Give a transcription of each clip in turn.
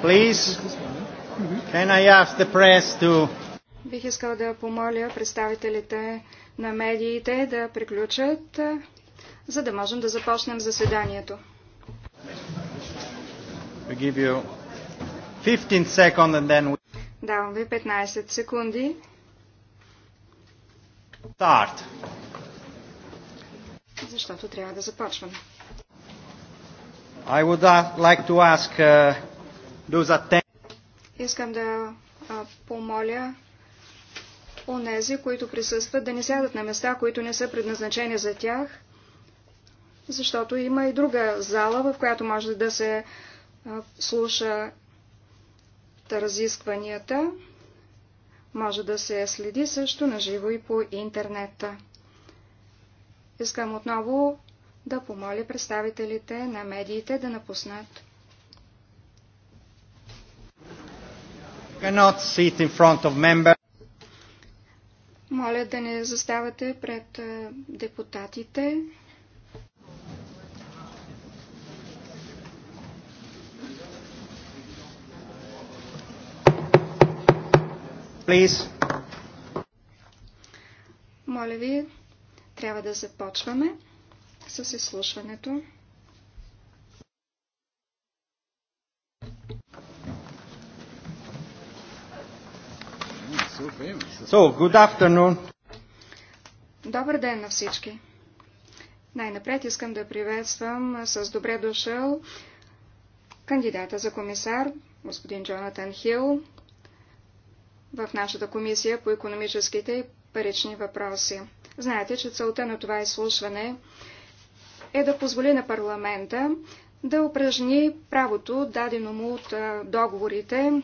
Please, can I ask the press to... Бих искал да помоля представителите на медиите да приключат, за да можем да започнем заседанието. Давам ви 15 секунди. Start. Защото трябва да започваме. I would uh, like to ask uh, those attend... Искам да помоля онези, които присъстват, да не сядат на места, които не са предназначени за тях, защото има и друга зала, в която може да се слуша разискванията. Може да се следи също на живо и по интернета. Искам отново да помоля представителите на медиите да напуснат. Моля да не заставате пред е, депутатите. Please. Моля ви, трябва да започваме с изслушването. So, good afternoon. Добър ден на всички. Най-напред искам да приветствам с добре дошъл кандидата за комисар, господин Джонатан Хил, в нашата комисия по економическите и парични въпроси. Знаете, че целта на това изслушване е да позволи на парламента да упражни правото, дадено му от договорите,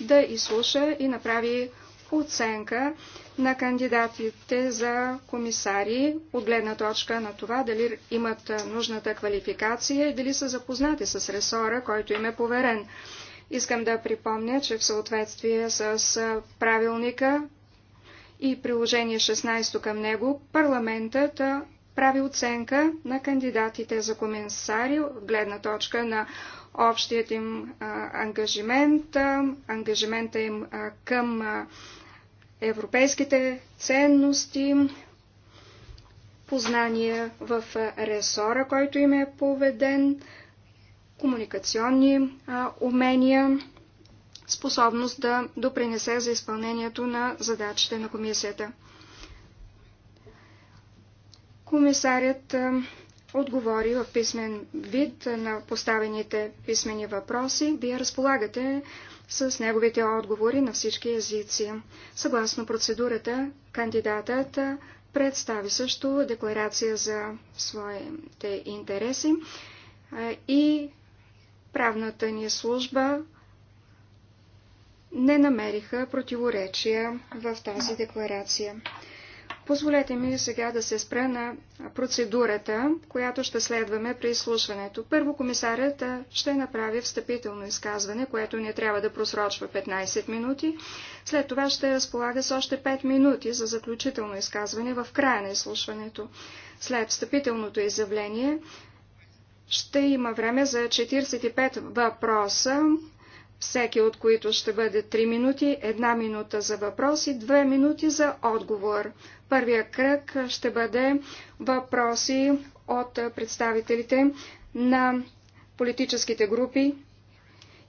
да изслуша и направи оценка на кандидатите за комисари от гледна точка на това дали имат нужната квалификация и дали са запознати с ресора, който им е поверен. Искам да припомня, че в съответствие с правилника и приложение 16 към него, парламентът прави оценка на кандидатите за комисари от гледна точка на общият им ангажимент, ангажимента им към европейските ценности, познания в ресора, който им е поведен, комуникационни умения, способност да допринесе за изпълнението на задачите на комисията. Комисарят е, отговори в писмен вид на поставените писмени въпроси. Вие разполагате с неговите отговори на всички езици. Съгласно процедурата, кандидатът представи също декларация за своите интереси е, и правната ни служба не намериха противоречия в тази декларация. Позволете ми сега да се спра на процедурата, която ще следваме при изслушването. Първо комисарят ще направи встъпително изказване, което не трябва да просрочва 15 минути. След това ще разполага с още 5 минути за заключително изказване в края на изслушването. След встъпителното изявление ще има време за 45 въпроса всеки от които ще бъде 3 минути, 1 минута за въпрос и 2 минути за отговор. Първия кръг ще бъде въпроси от представителите на политическите групи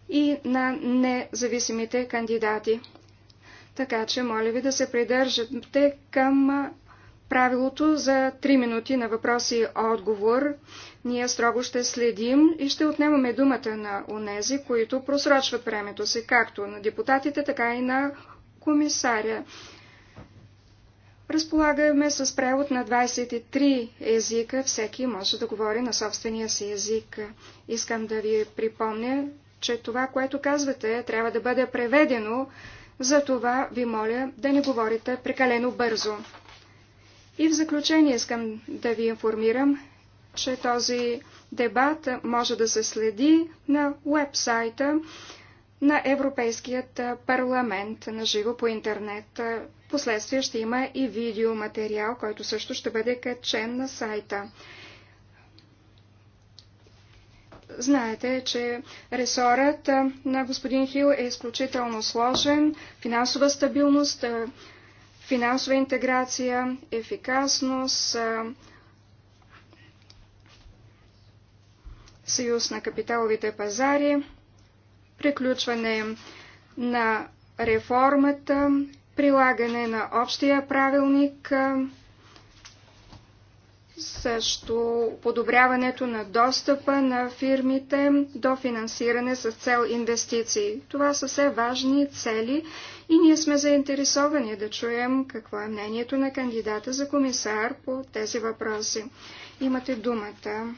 и на независимите кандидати. Така че, моля ви да се придържате към правилото за 3 минути на въпроси и отговор. Ние строго ще следим и ще отнемаме думата на онези, които просрочват времето си, както на депутатите, така и на комисаря. Разполагаме с превод на 23 езика. Всеки може да говори на собствения си език. Искам да ви припомня, че това, което казвате, трябва да бъде преведено. Затова ви моля да не говорите прекалено бързо. И в заключение искам да ви информирам, че този дебат може да се следи на уебсайта на Европейският парламент на живо по интернет. Последствие ще има и видеоматериал, който също ще бъде качен на сайта. Знаете, че ресорът на господин Хил е изключително сложен. Финансова стабилност, финансова интеграция, ефикасност, съюз на капиталовите пазари, приключване на реформата, прилагане на общия правилник, също подобряването на достъпа на фирмите до финансиране с цел инвестиции. Това са все важни цели и ние сме заинтересовани да чуем какво е мнението на кандидата за комисар по тези въпроси. Имате думата,